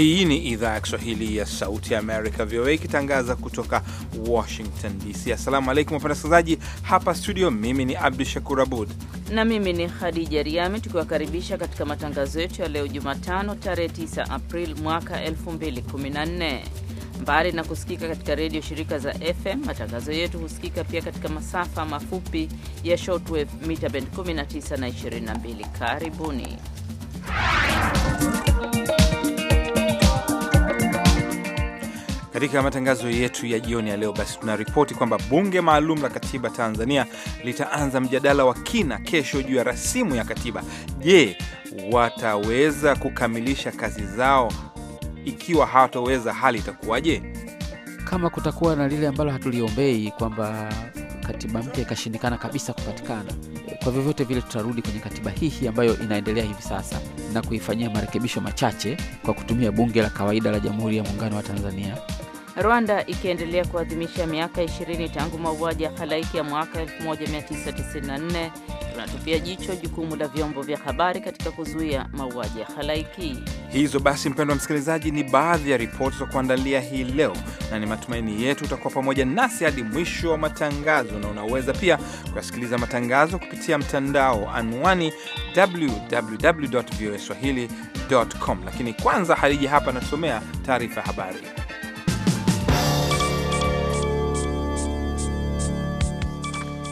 Hii ni idhaa ya Kiswahili ya Sauti ya Amerika, VOA, ikitangaza kutoka Washington DC. Assalamu alaikum wapenda wasikilizaji, hapa studio. Mimi ni Abdu Shakur Abud na mimi ni Khadija Riami, tukiwakaribisha katika matangazo yetu ya leo Jumatano, tarehe 9 Aprili mwaka 2014. Mbali na kusikika katika redio shirika za FM, matangazo yetu husikika pia katika masafa mafupi ya shortwave mita bend 19 na 22. Karibuni Katika matangazo yetu ya jioni ya leo, basi tunaripoti kwamba bunge maalum la katiba Tanzania litaanza mjadala wa kina kesho juu ya rasimu ya katiba. Je, wataweza kukamilisha kazi zao? Ikiwa hawataweza, hali itakuwaje? Kama kutakuwa na lile ambalo hatuliombei kwamba katiba mpya ikashindikana kabisa kupatikana, kwa vyovyote vile tutarudi kwenye katiba hii hii ambayo inaendelea hivi sasa na kuifanyia marekebisho machache kwa kutumia bunge la kawaida la Jamhuri ya Muungano wa Tanzania Rwanda ikiendelea kuadhimisha miaka 20 tangu mauaji ya halaiki ya mwaka 1994, tunatupia jicho jukumu la vyombo vya habari katika kuzuia mauaji ya halaiki. Hizo basi, mpendwa msikilizaji, ni baadhi ya ripoti za kuandalia hii leo, na ni matumaini yetu utakuwa pamoja nasi hadi mwisho wa matangazo, na unaweza pia kuyasikiliza matangazo kupitia mtandao, anwani www.voaswahili.com. Lakini kwanza, Hadija hapa anatusomea taarifa ya habari.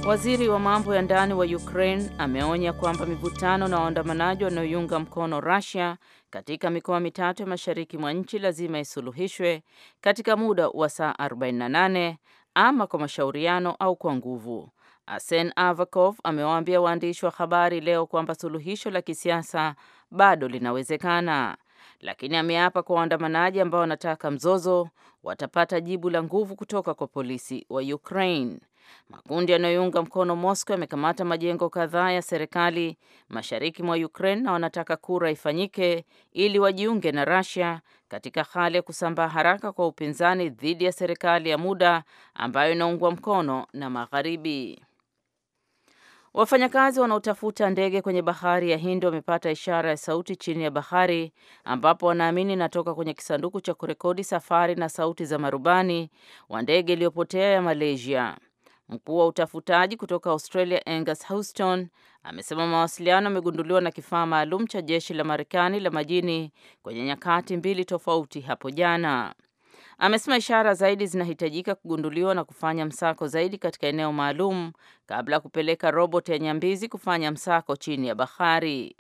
Waziri wa mambo ya ndani wa Ukraine ameonya kwamba mivutano na waandamanaji wanaoiunga mkono Russia katika mikoa mitatu ya mashariki mwa nchi lazima isuluhishwe katika muda wa saa 48 ama kwa mashauriano au kwa nguvu. Arsen Avakov amewaambia waandishi wa habari leo kwamba suluhisho la kisiasa bado linawezekana, lakini ameapa kwa waandamanaji ambao wanataka mzozo watapata jibu la nguvu kutoka kwa polisi wa Ukraine. Makundi yanayounga mkono Moscow yamekamata majengo kadhaa ya serikali mashariki mwa Ukraine na wanataka kura ifanyike ili wajiunge na Russia katika hali ya kusambaa haraka kwa upinzani dhidi ya serikali ya muda ambayo inaungwa mkono na magharibi. Wafanyakazi wanaotafuta ndege kwenye bahari ya Hindi wamepata ishara ya sauti chini ya bahari ambapo wanaamini inatoka kwenye kisanduku cha kurekodi safari na sauti za marubani wa ndege iliyopotea ya Malaysia. Mkuu wa utafutaji kutoka Australia Angus Houston amesema mawasiliano yamegunduliwa na kifaa maalum cha jeshi la Marekani la majini kwenye nyakati mbili tofauti hapo jana. Amesema ishara zaidi zinahitajika kugunduliwa na kufanya msako zaidi katika eneo maalum kabla ya kupeleka robot ya nyambizi kufanya msako chini ya bahari.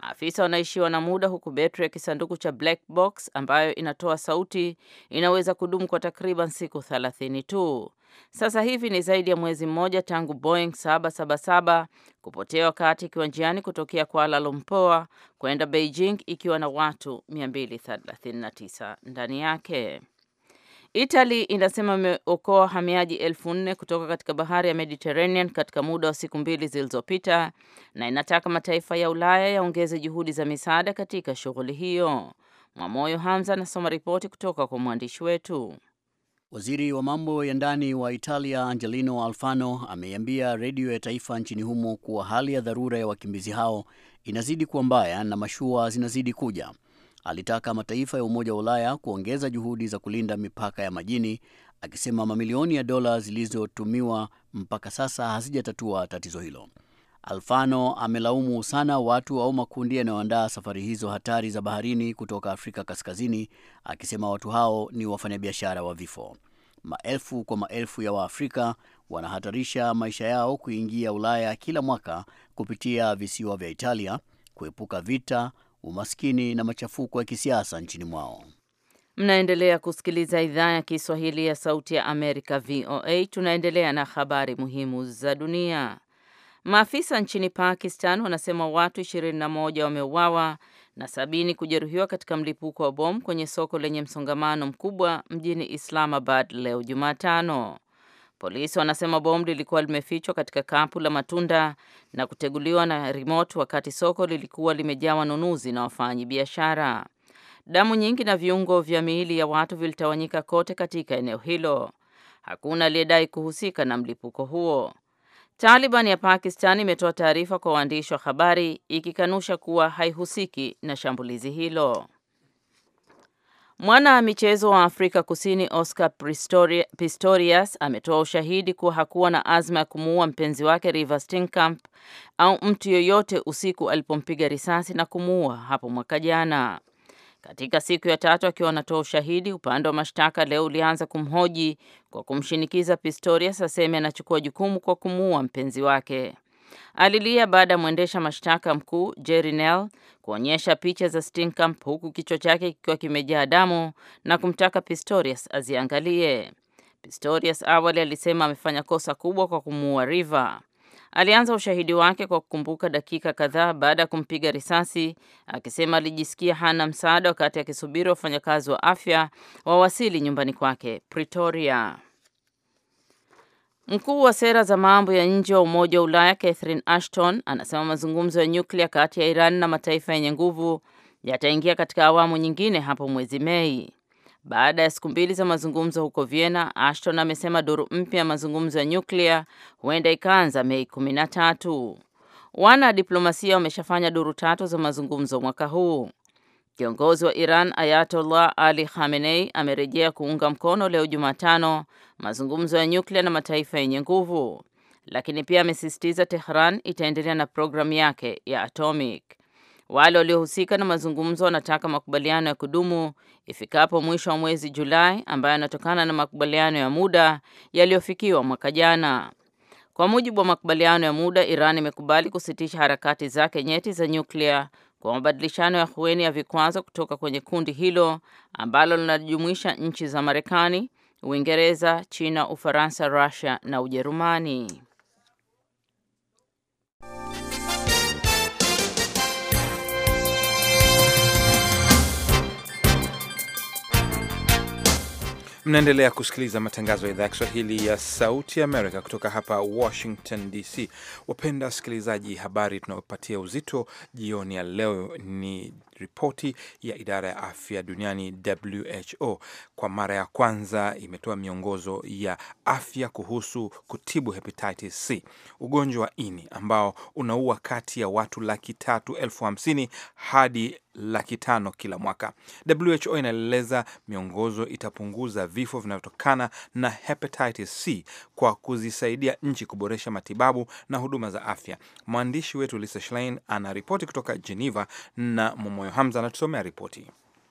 Maafisa wanaishiwa na muda huku betri ya kisanduku cha black box ambayo inatoa sauti inaweza kudumu kwa takriban siku thelathini tu. Sasa hivi ni zaidi ya mwezi mmoja tangu Boeing 777 kupotea wakati ikiwa njiani kutokea Kuala Lumpur kwenda Beijing ikiwa na watu 239 ndani yake. itali inasema imeokoa wahamiaji elfu nne kutoka katika bahari ya Mediterranean katika muda wa siku mbili zilizopita na inataka mataifa ya Ulaya yaongeze juhudi za misaada katika shughuli hiyo. Mwamoyo Hamza anasoma ripoti kutoka kwa mwandishi wetu. Waziri wa mambo ya ndani wa Italia Angelino Alfano ameiambia redio ya taifa nchini humo kuwa hali ya dharura ya wakimbizi hao inazidi kuwa mbaya na mashua zinazidi kuja. Alitaka mataifa ya Umoja wa Ulaya kuongeza juhudi za kulinda mipaka ya majini, akisema mamilioni ya dola zilizotumiwa mpaka sasa hazijatatua tatizo hilo. Alfano amelaumu sana watu au makundi yanayoandaa safari hizo hatari za baharini kutoka Afrika Kaskazini, akisema watu hao ni wafanyabiashara wa vifo. Maelfu kwa maelfu ya Waafrika wanahatarisha maisha yao kuingia Ulaya kila mwaka kupitia visiwa vya Italia kuepuka vita, umaskini na machafuko ya kisiasa nchini mwao. Mnaendelea kusikiliza idhaa ya Kiswahili ya Sauti ya Amerika, VOA. Tunaendelea na habari muhimu za dunia. Maafisa nchini Pakistan wanasema watu 21 wameuawa na sabini kujeruhiwa katika mlipuko wa bomu kwenye soko lenye msongamano mkubwa mjini Islamabad leo Jumatano. Polisi wanasema bomu lilikuwa limefichwa katika kapu la matunda na kuteguliwa na remote wakati soko lilikuwa limejaa wanunuzi na wafanyi biashara. Damu nyingi na viungo vya miili ya watu vilitawanyika kote katika eneo hilo. Hakuna aliyedai kuhusika na mlipuko huo. Taliban ya Pakistan imetoa taarifa kwa waandishi wa habari ikikanusha kuwa haihusiki na shambulizi hilo. Mwana wa michezo wa Afrika Kusini Oscar Pistorius ametoa ushahidi kuwa hakuwa na azma ya kumuua mpenzi wake River Steenkamp au mtu yoyote usiku alipompiga risasi na kumuua hapo mwaka jana. Katika siku ya tatu akiwa anatoa ushahidi, upande wa mashtaka leo ulianza kumhoji kwa kumshinikiza Pistorius aseme anachukua jukumu kwa kumuua mpenzi wake. Alilia baada ya mwendesha mashtaka mkuu Jerry Nell kuonyesha picha za Steenkamp huku kichwa chake kikiwa kimejaa damu na kumtaka Pistorius aziangalie. Pistorius awali alisema amefanya kosa kubwa kwa kumuua River. Alianza ushahidi wake kwa kukumbuka dakika kadhaa baada ya kumpiga risasi, akisema alijisikia hana msaada wakati akisubiri wafanyakazi wa afya wawasili nyumbani kwake Pretoria. Mkuu wa sera za mambo ya nje wa Umoja wa Ulaya Catherine Ashton anasema mazungumzo ya nyuklia kati ya Iran na mataifa yenye nguvu yataingia katika awamu nyingine hapo mwezi Mei. Baada ya siku mbili za mazungumzo huko Vienna, Ashton amesema duru mpya ya mazungumzo ya nyuklia huenda ikaanza Mei kumi na tatu. Wana diplomasia wameshafanya duru tatu za mazungumzo mwaka huu. Kiongozi wa Iran Ayatollah Ali Khamenei amerejea kuunga mkono leo Jumatano mazungumzo ya nyuklia na mataifa yenye nguvu, lakini pia amesisitiza Tehran itaendelea na programu yake ya atomic. Wale waliohusika na mazungumzo wanataka makubaliano ya kudumu ifikapo mwisho wa mwezi Julai, ambayo yanatokana na makubaliano ya muda yaliyofikiwa mwaka jana. Kwa mujibu wa makubaliano ya muda, Iran imekubali kusitisha harakati zake nyeti za nyuklia kwa mabadilishano ya hueni ya vikwazo kutoka kwenye kundi hilo ambalo linajumuisha nchi za Marekani, Uingereza, China, Ufaransa, Russia na Ujerumani. Mnaendelea kusikiliza matangazo ya idhaa ya Kiswahili ya Sauti Amerika kutoka hapa Washington DC. Wapenda wasikilizaji, habari tunayopatia uzito jioni ya leo ni ripoti ya idara ya afya duniani WHO kwa mara ya kwanza imetoa miongozo ya afya kuhusu kutibu hepatitis C, ugonjwa wa ini ambao unaua kati ya watu laki tatu elfu hamsini hadi laki tano kila mwaka. WHO inaeleza miongozo itapunguza vifo vinavyotokana na hepatitis C kwa kuzisaidia nchi kuboresha matibabu na huduma za afya. Mwandishi wetu Lisa Schlein anaripoti kutoka Geneva na Momoyo Hamza anatusomea ripoti.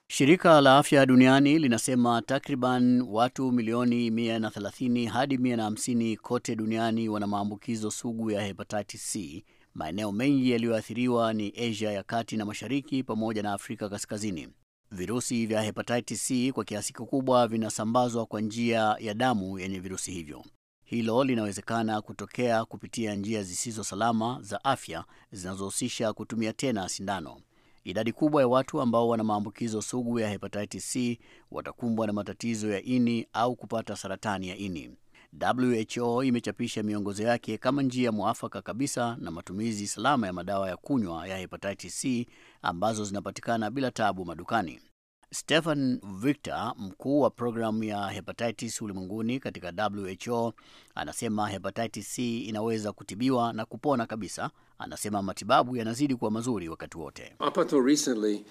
Shirika la Afya Duniani linasema takriban watu milioni 130 hadi 150 kote duniani wana maambukizo sugu ya hepatitis C. Maeneo mengi yaliyoathiriwa ni Asia ya kati na mashariki pamoja na Afrika kaskazini. Virusi vya hepatitis C kwa kiasi kikubwa vinasambazwa kwa njia ya damu yenye virusi hivyo. Hilo linawezekana kutokea kupitia njia zisizo salama za afya zinazohusisha kutumia tena sindano. Idadi kubwa ya watu ambao wana maambukizo sugu ya hepatitis C watakumbwa na matatizo ya ini au kupata saratani ya ini. WHO imechapisha miongozo yake kama njia mwafaka kabisa na matumizi salama ya madawa ya kunywa ya hepatitis C ambazo zinapatikana bila tabu madukani. Stephen Victor, mkuu wa programu ya hepatitis ulimwenguni katika WHO, anasema hepatitis C inaweza kutibiwa na kupona kabisa. Anasema matibabu yanazidi kuwa mazuri wakati wote. Uh,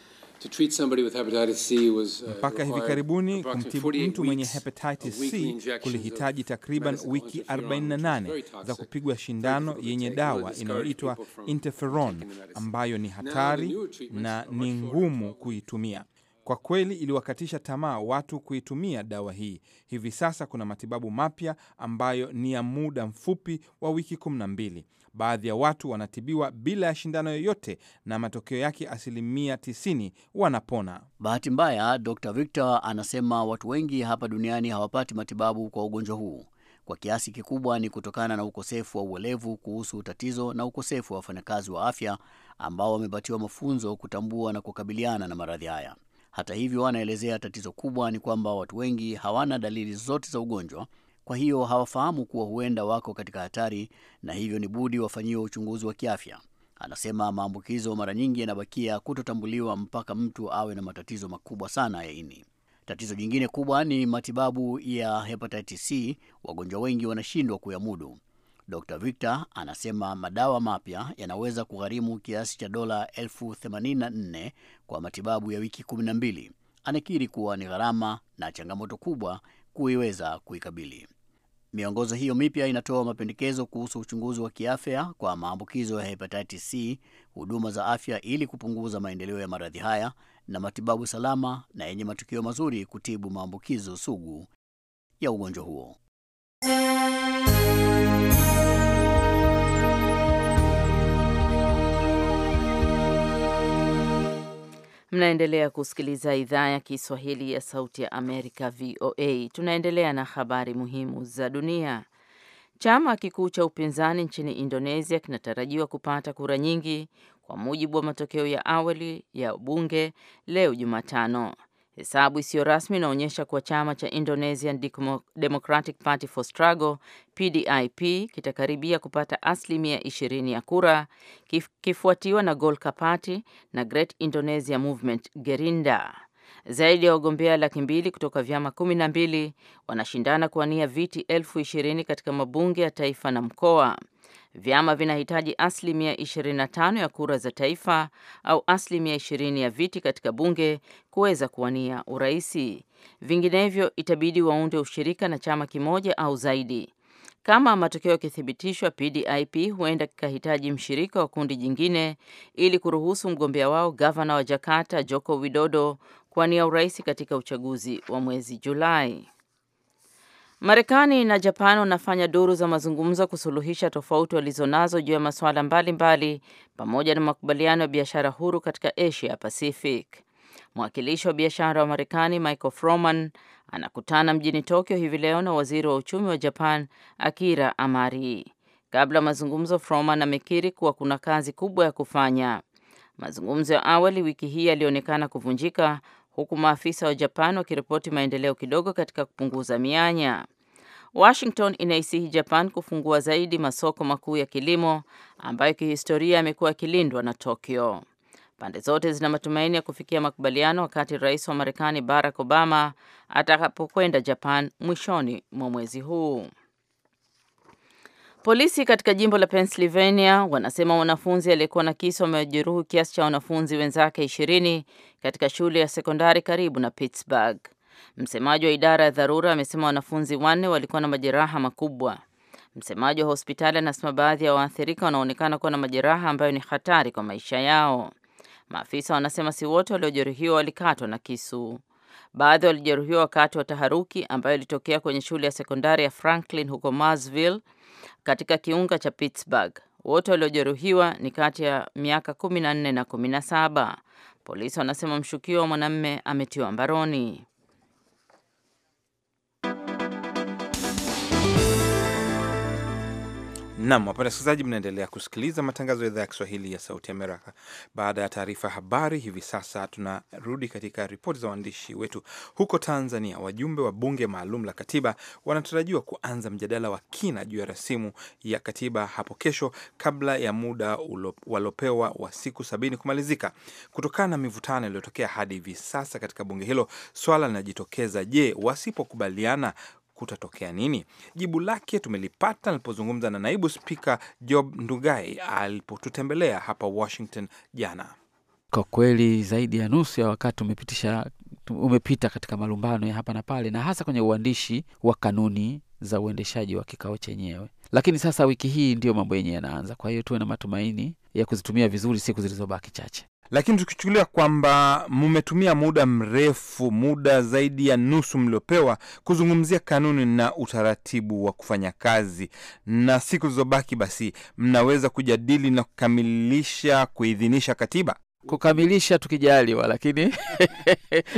Mpaka hivi karibuni kumtibu mtu mwenye hepatitis C kulihitaji takriban wiki 48 za kupigwa shindano yenye dawa inayoitwa interferon ambayo ni hatari na ni ngumu kuitumia. Kwa kweli iliwakatisha tamaa watu kuitumia dawa hii. Hivi sasa kuna matibabu mapya ambayo ni ya muda mfupi wa wiki kumi na mbili Baadhi ya watu wanatibiwa bila ya shindano yoyote na matokeo yake asilimia 90 wanapona. Bahati mbaya, Dr Victor anasema watu wengi hapa duniani hawapati matibabu kwa ugonjwa huu. Kwa kiasi kikubwa ni kutokana na ukosefu wa uelevu kuhusu tatizo na ukosefu wa wafanyakazi wa afya ambao wamepatiwa mafunzo kutambua na kukabiliana na maradhi haya. Hata hivyo, anaelezea tatizo kubwa ni kwamba watu wengi hawana dalili zote za ugonjwa, kwa hiyo hawafahamu kuwa huenda wako katika hatari, na hivyo ni budi wafanyiwe uchunguzi wa kiafya. Anasema maambukizo mara nyingi yanabakia kutotambuliwa mpaka mtu awe na matatizo makubwa sana ya ini. Tatizo jingine kubwa ni matibabu ya hepatitis C. Wagonjwa wengi wanashindwa kuyamudu. Dr Victor anasema madawa mapya yanaweza kugharimu kiasi cha dola elfu 84 kwa matibabu ya wiki 12. Anakiri kuwa ni gharama na changamoto kubwa kuiweza kuikabili. Miongozo hiyo mipya inatoa mapendekezo kuhusu uchunguzi wa kiafya kwa maambukizo ya hepatitis C, huduma za afya ili kupunguza maendeleo ya maradhi haya, na matibabu salama na yenye matukio mazuri kutibu maambukizo sugu ya ugonjwa huo. Mnaendelea kusikiliza idhaa ya Kiswahili ya Sauti ya Amerika, VOA. Tunaendelea na habari muhimu za dunia. Chama kikuu cha upinzani nchini Indonesia kinatarajiwa kupata kura nyingi kwa mujibu wa matokeo ya awali ya bunge leo Jumatano. Hesabu isiyo rasmi inaonyesha kuwa chama cha Indonesian Democratic Party for Struggle PDIP kitakaribia kupata asilimia ishirini ya kura kifuatiwa na Golkar Party na Great Indonesia Movement Gerinda. Zaidi ya wagombea laki mbili kutoka vyama kumi na mbili wanashindana kuwania viti elfu ishirini katika mabunge ya taifa na mkoa. Vyama vinahitaji asilimia 25 ya kura za taifa au asilimia 20 ya viti katika bunge kuweza kuwania uraisi. Vinginevyo itabidi waunde ushirika na chama kimoja au zaidi. Kama matokeo yakithibitishwa, PDIP huenda kikahitaji mshirika wa kundi jingine ili kuruhusu mgombea wao gavana wa Jakarta Joko Widodo kuwania urais katika uchaguzi wa mwezi Julai. Marekani na Japan wanafanya duru za mazungumzo kusuluhisha tofauti walizonazo juu ya masuala mbalimbali pamoja na makubaliano ya biashara huru katika Asia Pacific. Mwakilishi wa biashara wa Marekani Michael Froman anakutana mjini Tokyo hivi leo na waziri wa uchumi wa Japan Akira Amari. Kabla ya mazungumzo, Froman amekiri kuwa kuna kazi kubwa ya kufanya. Mazungumzo ya awali wiki hii yalionekana kuvunjika huku maafisa wa Japan wakiripoti maendeleo kidogo katika kupunguza mianya. Washington inaisihi Japan kufungua zaidi masoko makuu ya kilimo ambayo kihistoria yamekuwa yakilindwa na Tokyo. Pande zote zina matumaini ya kufikia makubaliano wakati rais wa Marekani Barack Obama atakapokwenda Japan mwishoni mwa mwezi huu. Polisi katika jimbo la Pennsylvania wanasema mwanafunzi aliyekuwa na kisu amejeruhi kiasi cha wanafunzi wenzake ishirini katika shule ya sekondari karibu na Pittsburgh. Msemaji wa idara ya dharura amesema wanafunzi wanne walikuwa na majeraha makubwa. Msemaji wa hospitali anasema baadhi ya waathirika wanaonekana kuwa na majeraha ambayo ni hatari kwa maisha yao. Maafisa wanasema si wote waliojeruhiwa walikatwa na kisu. Baadhi walijeruhiwa wakati wa taharuki ambayo ilitokea kwenye shule ya sekondari ya Franklin huko Marsville katika kiunga cha Pittsburgh. Wote waliojeruhiwa ni kati ya miaka 14 na 17. Polisi wanasema mshukiwa mwanamme ametiwa mbaroni. Nam wapenda wasikilizaji, mnaendelea kusikiliza matangazo ya idhaa ya Kiswahili ya Sauti Amerika. Baada ya taarifa ya habari, hivi sasa tunarudi katika ripoti za waandishi wetu huko Tanzania. Wajumbe wa bunge maalum la katiba wanatarajiwa kuanza mjadala wa kina juu ya rasimu ya katiba hapo kesho, kabla ya muda walopewa wa siku sabini kumalizika. Kutokana na mivutano iliyotokea hadi hivi sasa katika bunge hilo, swala linajitokeza: je, wasipokubaliana kutatokea nini? Jibu lake tumelipata alipozungumza na naibu spika Job Ndugai alipotutembelea hapa Washington jana. Kwa kweli zaidi ya nusu ya wakati umepitisha umepita katika malumbano ya hapa na pale, na hasa kwenye uandishi wa kanuni za uendeshaji wa kikao chenyewe. Lakini sasa wiki hii ndiyo mambo yenyewe yanaanza, kwa hiyo tuwe na matumaini ya kuzitumia vizuri siku zilizobaki chache. Lakini tukichukulia kwamba mmetumia muda mrefu, muda zaidi ya nusu mliopewa kuzungumzia kanuni na utaratibu wa kufanya kazi, na siku zilizobaki basi mnaweza kujadili na kukamilisha kuidhinisha katiba kukamilisha tukijaliwa, lakini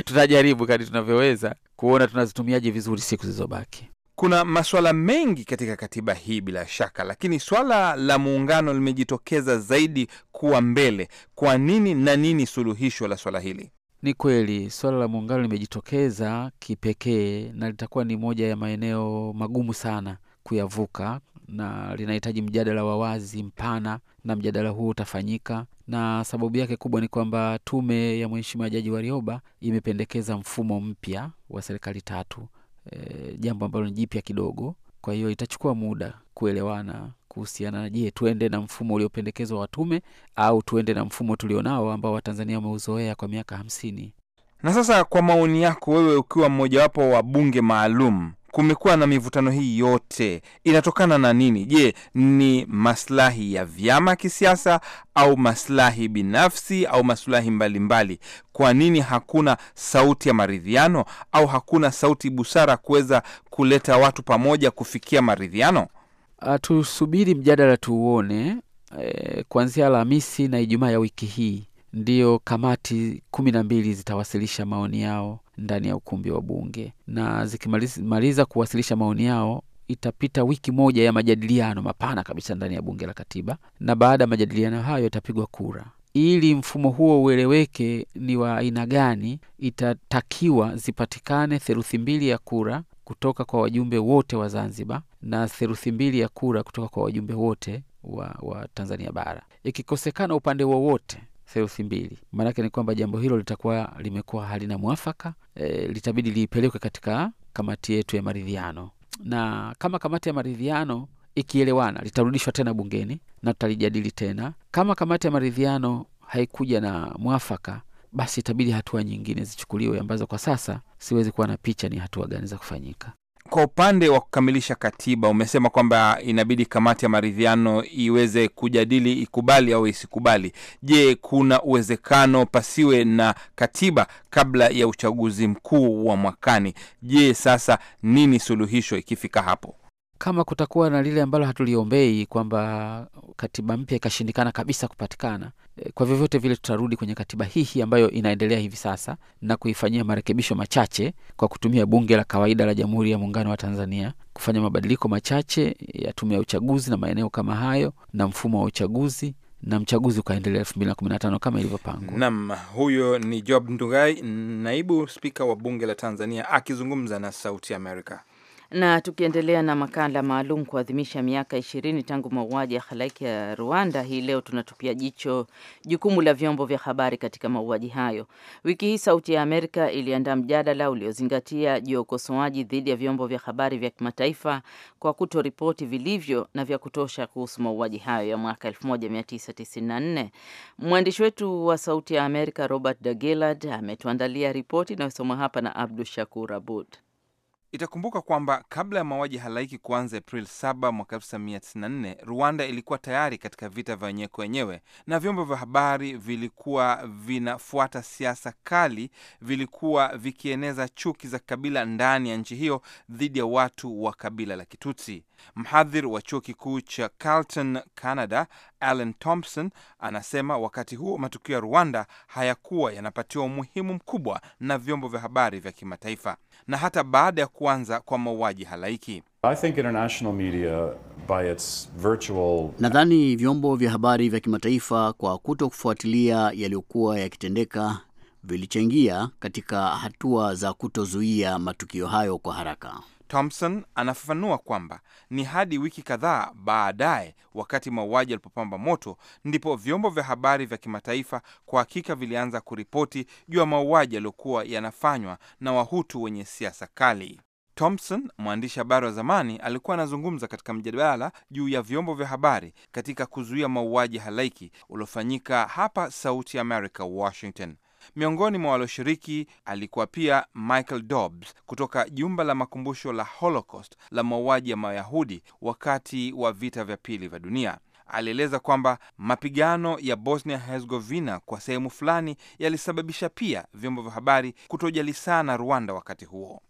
tutajaribu kadi tunavyoweza kuona tunazitumiaje vizuri siku zilizobaki. Kuna masuala mengi katika katiba hii bila shaka, lakini swala la muungano limejitokeza zaidi kuwa mbele. Kwa nini na nini suluhisho la swala hili? Ni kweli swala la muungano limejitokeza kipekee na litakuwa ni moja ya maeneo magumu sana kuyavuka, na linahitaji mjadala wa wazi mpana, na mjadala huo utafanyika na sababu yake kubwa ni kwamba tume ya Mheshimiwa Jaji Warioba imependekeza mfumo mpya wa serikali tatu Eh, jambo ambalo ni jipya kidogo, kwa hiyo itachukua muda kuelewana kuhusiana na je, tuende na mfumo uliopendekezwa watume au tuende na mfumo tulionao ambao Watanzania wameuzoea kwa miaka hamsini. Na sasa, kwa maoni yako wewe, ukiwa mmojawapo wa bunge maalum kumekuwa na mivutano hii yote inatokana na nini? Je, ni maslahi ya vyama kisiasa au maslahi binafsi au maslahi mbalimbali? Kwa nini hakuna sauti ya maridhiano au hakuna sauti busara kuweza kuleta watu pamoja kufikia maridhiano? Ah, tusubiri mjadala tuuone. E, kuanzia Alhamisi na Ijumaa ya wiki hii ndiyo kamati kumi na mbili zitawasilisha maoni yao ndani ya ukumbi wa Bunge, na zikimaliza kuwasilisha maoni yao itapita wiki moja ya majadiliano mapana kabisa ndani ya Bunge la Katiba, na baada ya majadiliano hayo itapigwa kura. Ili mfumo huo ueleweke ni wa aina gani, itatakiwa zipatikane theruthi mbili ya kura kutoka kwa wajumbe wote wa Zanzibar na theruthi mbili ya kura kutoka kwa wajumbe wote wa, wa Tanzania bara. Ikikosekana upande wowote theluthi mbili. Maanake ni kwamba jambo hilo litakuwa limekuwa halina mwafaka e, litabidi liipelekwe katika kamati yetu ya maridhiano, na kama kamati ya maridhiano ikielewana litarudishwa tena bungeni na tutalijadili tena. Kama kamati ya maridhiano haikuja na mwafaka, basi itabidi hatua nyingine zichukuliwe ambazo kwa sasa siwezi kuwa na picha ni hatua gani za kufanyika. Kwa upande wa kukamilisha katiba, umesema kwamba inabidi kamati ya maridhiano iweze kujadili ikubali au isikubali. Je, kuna uwezekano pasiwe na katiba kabla ya uchaguzi mkuu wa mwakani? Je, sasa nini suluhisho ikifika hapo? kama kutakuwa na lile ambalo hatuliombei kwamba katiba mpya ikashindikana kabisa kupatikana, eh, kwa vyovyote vile tutarudi kwenye katiba hii hii ambayo inaendelea hivi sasa na kuifanyia marekebisho machache kwa kutumia bunge la kawaida la Jamhuri ya Muungano wa Tanzania, kufanya mabadiliko machache ya tume ya uchaguzi na maeneo kama hayo na mfumo wa uchaguzi na mchaguzi ukaendelea elfu mbili na kumi na tano kama ilivyopangwa. nam huyo ni Job Ndugai, naibu spika wa bunge la Tanzania akizungumza na Sauti Amerika. Na tukiendelea na makala maalum kuadhimisha miaka ishirini tangu mauaji ya halaiki ya Rwanda, hii leo tunatupia jicho jukumu la vyombo vya habari katika mauaji hayo. Wiki hii Sauti ya Amerika iliandaa mjadala uliozingatia juu ya ukosoaji dhidi ya vyombo vya habari vya kimataifa kwa kutoripoti vilivyo na vya kutosha kuhusu mauaji hayo ya mwaka 1994. Mwandishi wetu wa Sauti ya Amerika Robert Dagilard ametuandalia ripoti inayosoma hapa na Abdu Shakur Abud. Itakumbuka kwamba kabla ya mauaji halaiki kuanza Aprili 7 mwaka 1994, Rwanda ilikuwa tayari katika vita vya wenyewe wenyewe, na vyombo vya habari vilikuwa vinafuata siasa kali, vilikuwa vikieneza chuki za kabila ndani ya nchi hiyo dhidi ya watu wa kabila la Kitutsi. Mhadhiri wa chuo kikuu cha Carleton, Canada, Alan Thompson anasema wakati huo matukio ya Rwanda hayakuwa yanapatiwa umuhimu mkubwa na vyombo vya habari vya kimataifa na hata baada ya kuanza kwa mauaji halaiki. Virtual... nadhani vyombo vya habari vya kimataifa kwa kuto kufuatilia yaliyokuwa yakitendeka vilichangia katika hatua za kutozuia matukio hayo kwa haraka. Thompson anafafanua kwamba ni hadi wiki kadhaa baadaye, wakati mauaji yalipopamba moto, ndipo vyombo vya habari vya kimataifa kwa hakika vilianza kuripoti juu ya mauaji yaliyokuwa yanafanywa na Wahutu wenye siasa kali. Thompson, mwandishi habari wa zamani, alikuwa anazungumza katika mjadala juu ya vyombo vya habari katika kuzuia mauaji halaiki uliofanyika hapa Sauti America, Washington. Miongoni mwa walioshiriki alikuwa pia Michael Dobbs kutoka jumba la makumbusho la Holocaust la mauaji ya Mayahudi wakati wa vita vya pili vya dunia. Alieleza kwamba mapigano ya Bosnia Herzegovina kwa sehemu fulani yalisababisha pia vyombo vya habari kutojali sana Rwanda wakati huo.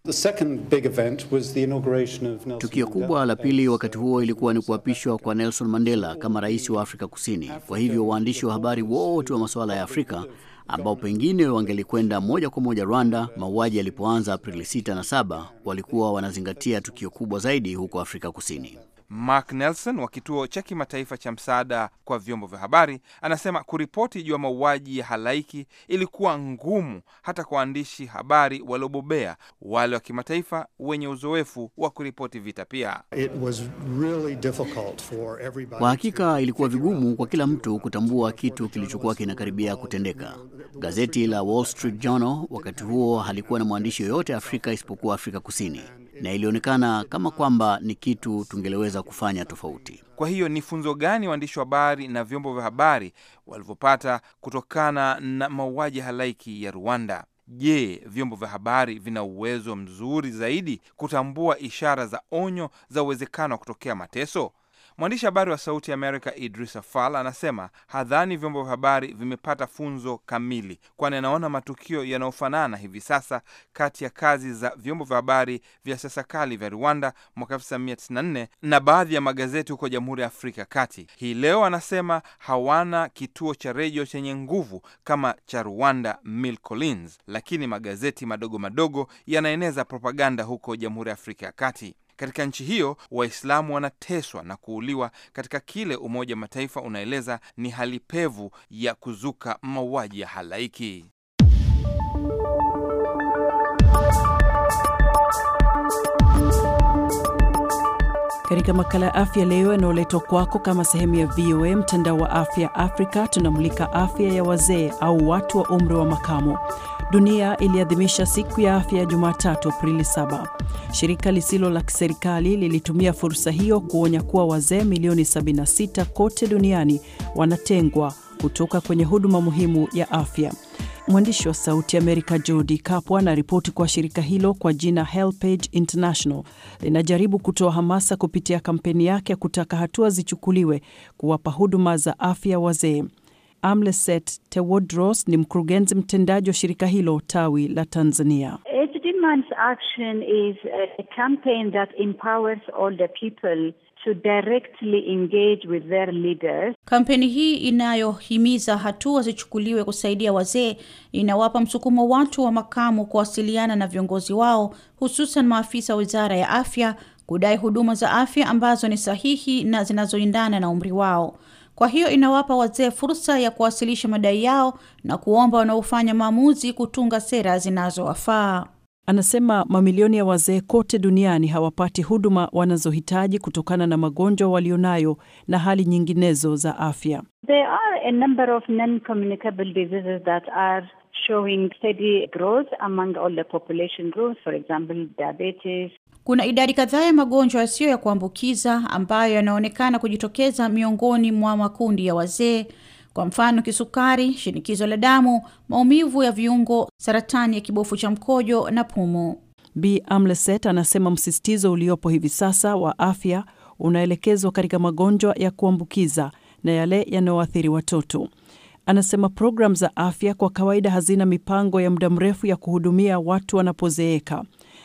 Tukio kubwa la pili wakati huo ilikuwa ni kuapishwa kwa Nelson Mandela kama rais wa Afrika Kusini. Kwa hivyo waandishi wa habari wote wa masuala ya Afrika ambao pengine wangelikwenda moja kwa moja Rwanda. Mauaji yalipoanza Aprili 6 na 7, walikuwa wanazingatia tukio kubwa zaidi huko Afrika Kusini. Mark Nelson wa kituo cha kimataifa cha msaada kwa vyombo vya habari anasema kuripoti juu ya mauaji ya halaiki ilikuwa ngumu hata kwa waandishi habari waliobobea, wale wa kimataifa wenye uzoefu wa kuripoti vita. Pia really kwa hakika ilikuwa vigumu kwa kila mtu kutambua kitu kilichokuwa kinakaribia kutendeka. Gazeti la Wall Street Journal wakati huo halikuwa na mwandishi yoyote Afrika isipokuwa Afrika Kusini na ilionekana kama kwamba ni kitu tungeleweza kufanya tofauti. Kwa hiyo ni funzo gani waandishi wa habari na vyombo vya habari walivyopata kutokana na mauaji halaiki ya Rwanda? Je, vyombo vya habari vina uwezo mzuri zaidi kutambua ishara za onyo za uwezekano wa kutokea mateso? Mwandishi habari wa Sauti ya Amerika idris afal anasema hadhani vyombo vya habari vimepata funzo kamili, kwani anaona matukio yanayofanana hivi sasa kati ya kazi za vyombo vya habari vya siasa kali vya Rwanda mwaka 1994 na baadhi ya magazeti huko Jamhuri ya Afrika ya Kati. Hii leo anasema hawana kituo cha redio chenye nguvu kama cha Rwanda Mill Collins, lakini magazeti madogo madogo yanaeneza propaganda huko Jamhuri ya Afrika ya Kati. Katika nchi hiyo Waislamu wanateswa na kuuliwa katika kile Umoja Mataifa unaeleza ni hali pevu ya kuzuka mauaji ya halaiki. Katika makala ya afya leo yanayoletwa kwako kama sehemu ya VOA mtandao wa afya Afrika, tunamulika afya ya wazee au watu wa umri wa makamo. Dunia iliadhimisha siku ya afya Jumatatu, Aprili 7. Shirika lisilo la kiserikali lilitumia fursa hiyo kuonya kuwa wazee milioni 76 kote duniani wanatengwa kutoka kwenye huduma muhimu ya afya. Mwandishi wa Sauti Amerika Jodi Kapwa anaripoti kwa shirika hilo kwa jina HelpAge International linajaribu kutoa hamasa kupitia kampeni yake ya kutaka hatua zichukuliwe kuwapa huduma za afya wazee. Amleset Tewodros ni mkurugenzi mtendaji wa shirika hilo tawi la Tanzania. HD Action is a campaign that empowers older people to directly engage with their leaders. Kampeni hii inayohimiza hatua zichukuliwe kusaidia wazee inawapa msukumo watu wa makamu kuwasiliana na viongozi wao, hususan maafisa wa Wizara ya Afya, kudai huduma za afya ambazo ni sahihi na zinazoendana na umri wao. Kwa hiyo inawapa wazee fursa ya kuwasilisha madai yao na kuomba wanaofanya maamuzi kutunga sera zinazowafaa. Anasema mamilioni ya wazee kote duniani hawapati huduma wanazohitaji kutokana na magonjwa walionayo na hali nyinginezo za afya. There are a number of non-communicable diseases that are showing steady growth among all the population groups, for example, diabetes, kuna idadi kadhaa ya magonjwa yasiyo ya kuambukiza ambayo yanaonekana kujitokeza miongoni mwa makundi ya wazee, kwa mfano kisukari, shinikizo la damu, maumivu ya viungo, saratani ya kibofu cha mkojo na pumu. B Amleset anasema msisitizo uliopo hivi sasa wa afya unaelekezwa katika magonjwa ya kuambukiza na yale yanayoathiri watoto. Anasema programu za afya kwa kawaida hazina mipango ya muda mrefu ya kuhudumia watu wanapozeeka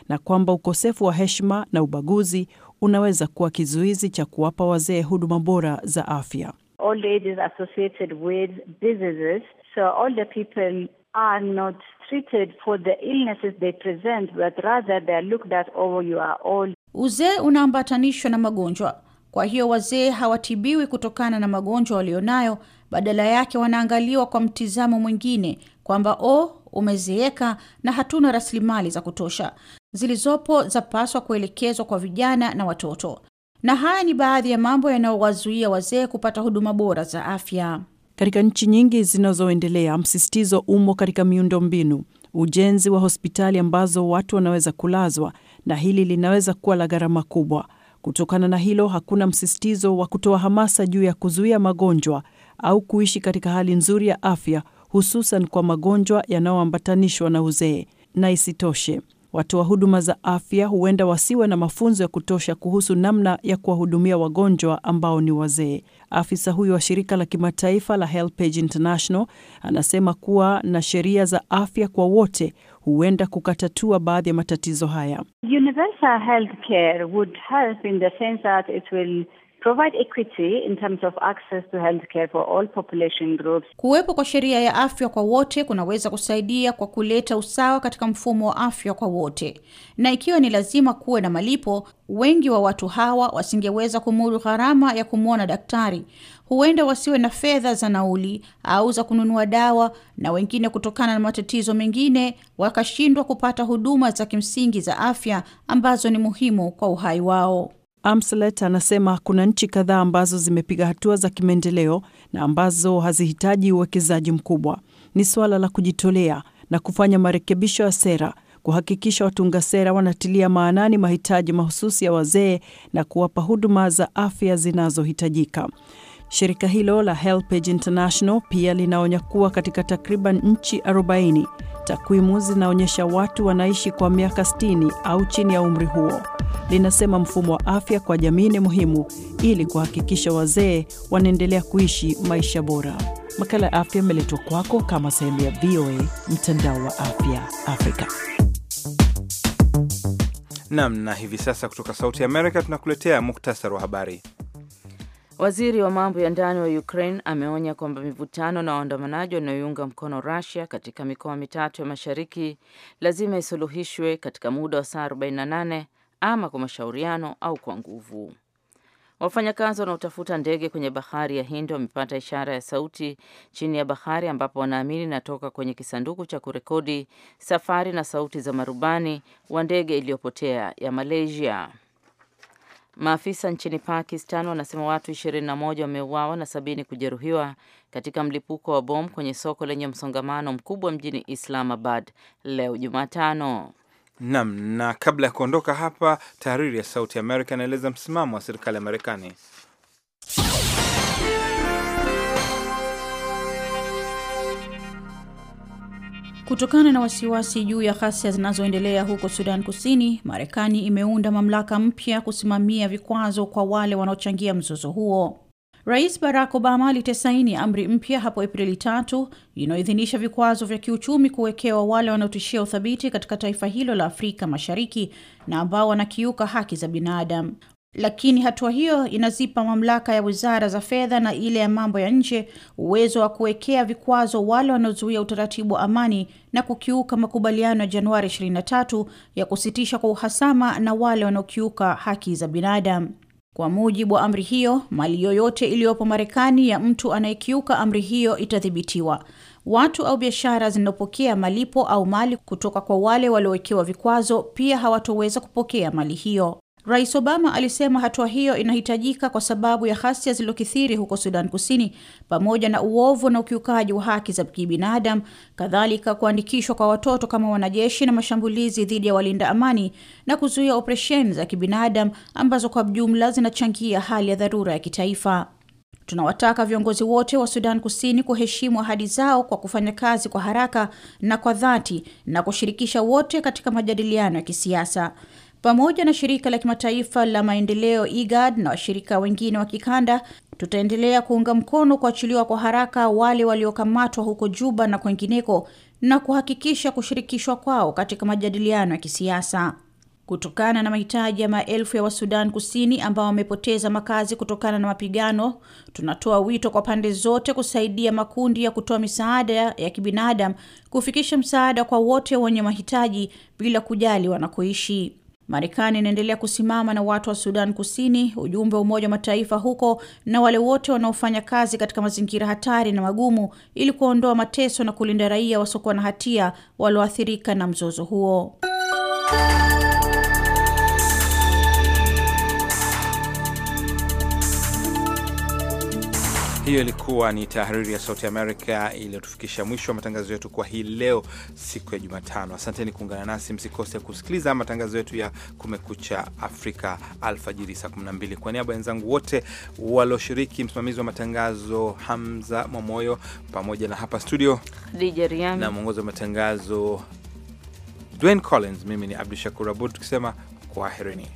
na kwamba ukosefu wa heshima na ubaguzi unaweza kuwa kizuizi cha kuwapa wazee huduma bora za afya. Old age is associated with diseases, so older people are not treated for the illnesses they present, but rather they are looked at, oh, you are old. Uzee unaambatanishwa na magonjwa, kwa hiyo wazee hawatibiwi kutokana na magonjwa walionayo, badala yake wanaangaliwa kwa mtizamo mwingine kwamba o, umezeeka na hatuna rasilimali za kutosha. Zilizopo zapaswa kuelekezwa kwa vijana na watoto. Na haya ni baadhi ya mambo yanayowazuia wazee kupata huduma bora za afya. Katika nchi nyingi zinazoendelea, msisitizo umo katika miundo mbinu ujenzi wa hospitali ambazo watu wanaweza kulazwa, na hili linaweza kuwa la gharama kubwa. Kutokana na hilo, hakuna msisitizo wa kutoa hamasa juu ya kuzuia magonjwa au kuishi katika hali nzuri ya afya, hususan kwa magonjwa yanayoambatanishwa na uzee. Na isitoshe, watoa huduma za afya huenda wasiwe na mafunzo ya kutosha kuhusu namna ya kuwahudumia wagonjwa ambao ni wazee. Afisa huyo wa shirika la kimataifa la HelpAge International anasema kuwa na sheria za afya kwa wote huenda kukatatua baadhi ya matatizo haya. Universal healthcare would help in the sense that it will Provide equity in terms of access to healthcare for all population groups. Kuwepo kwa sheria ya afya kwa wote kunaweza kusaidia kwa kuleta usawa katika mfumo wa afya kwa wote. Na ikiwa ni lazima kuwe na malipo, wengi wa watu hawa wasingeweza kumudu gharama ya kumwona daktari. Huenda wasiwe na fedha za nauli au za kununua dawa, na wengine kutokana na matatizo mengine wakashindwa kupata huduma za kimsingi za afya ambazo ni muhimu kwa uhai wao. Amslet anasema kuna nchi kadhaa ambazo zimepiga hatua za kimaendeleo na ambazo hazihitaji uwekezaji mkubwa. Ni suala la kujitolea na kufanya marekebisho ya sera, kuhakikisha watunga sera wanatilia maanani mahitaji mahususi ya wazee na kuwapa huduma za afya zinazohitajika. Shirika hilo la HelpAge International pia linaonya kuwa katika takriban nchi 40 takwimu zinaonyesha watu wanaishi kwa miaka 60 au chini ya umri huo. Linasema mfumo wa afya kwa jamii ni muhimu ili kuhakikisha wazee wanaendelea kuishi maisha bora. Makala ya afya imeletwa kwako kama sehemu ya VOA mtandao wa afya Afrika. Nam na hivi sasa, kutoka Sauti ya Amerika tunakuletea muktasari wa habari. Waziri wa mambo ya ndani wa Ukraine ameonya kwamba mivutano na waandamanaji wanaoiunga mkono Russia katika mikoa mitatu ya mashariki lazima isuluhishwe katika muda wa saa 48 ama kwa mashauriano au kwa nguvu. Wafanyakazi wanaotafuta ndege kwenye bahari ya Hindi wamepata ishara ya sauti chini ya bahari ambapo wanaamini inatoka kwenye kisanduku cha kurekodi safari na sauti za marubani wa ndege iliyopotea ya Malaysia. Maafisa nchini Pakistan wanasema watu 21 wameuawa na sabini kujeruhiwa katika mlipuko wa bomu kwenye soko lenye msongamano mkubwa mjini Islamabad leo Jumatano. Naam, na kabla ya kuondoka hapa, tahariri ya Sauti Amerika inaeleza msimamo wa serikali ya Marekani. Kutokana na wasiwasi juu ya ghasia zinazoendelea huko Sudan Kusini, Marekani imeunda mamlaka mpya kusimamia vikwazo kwa wale wanaochangia mzozo huo. Rais Barack Obama alitesaini amri mpya hapo Aprili tatu inayoidhinisha vikwazo vya kiuchumi kuwekewa wale wanaotishia uthabiti katika taifa hilo la Afrika Mashariki na ambao wanakiuka haki za binadamu lakini hatua hiyo inazipa mamlaka ya wizara za fedha na ile ya mambo ya nje uwezo wa kuwekea vikwazo wale wanaozuia utaratibu wa amani na kukiuka makubaliano ya Januari 23 ya kusitisha kwa uhasama na wale wanaokiuka haki za binadamu. Kwa mujibu wa amri hiyo, mali yoyote iliyopo Marekani ya mtu anayekiuka amri hiyo itadhibitiwa. Watu au biashara zinazopokea malipo au mali kutoka kwa wale waliowekewa vikwazo pia hawatoweza kupokea mali hiyo. Rais Obama alisema hatua hiyo inahitajika kwa sababu ya ghasia zilizokithiri huko Sudan Kusini, pamoja na uovu na ukiukaji wa haki za kibinadamu, kadhalika kuandikishwa kwa watoto kama wanajeshi na mashambulizi dhidi ya walinda amani na kuzuia operesheni za kibinadamu ambazo kwa jumla zinachangia hali ya dharura ya kitaifa. Tunawataka viongozi wote wa Sudan Kusini kuheshimu ahadi zao kwa kufanya kazi kwa haraka na kwa dhati na kushirikisha wote katika majadiliano ya kisiasa pamoja na shirika la kimataifa la maendeleo IGAD na washirika wengine wa kikanda tutaendelea kuunga mkono kuachiliwa kwa haraka wale waliokamatwa huko Juba na kwengineko na kuhakikisha kushirikishwa kwao katika majadiliano ya kisiasa. Kutokana na mahitaji ya maelfu ya Wasudan Kusini ambao wamepoteza makazi kutokana na mapigano, tunatoa wito kwa pande zote kusaidia makundi ya kutoa misaada ya kibinadamu kufikisha msaada kwa wote wenye mahitaji bila kujali wanakoishi. Marekani inaendelea kusimama na watu wa Sudan Kusini, ujumbe wa Umoja wa Mataifa huko na wale wote wanaofanya kazi katika mazingira hatari na magumu ili kuondoa mateso na kulinda raia wasiokuwa na hatia walioathirika na mzozo huo. Hiyo ilikuwa ni tahariri ya Sauti Amerika iliyotufikisha mwisho wa matangazo yetu kwa hii leo, siku ya Jumatano. Asanteni kuungana nasi, msikose kusikiliza matangazo yetu ya Kumekucha Afrika alfajiri saa 12. Kwa niaba ya wenzangu wote walioshiriki, msimamizi wa matangazo Hamza Mwamoyo, pamoja na hapa studio na mwongozi wa matangazo Dwayne Collins, mimi ni Abdu Shakur Abud tukisema kwaherini.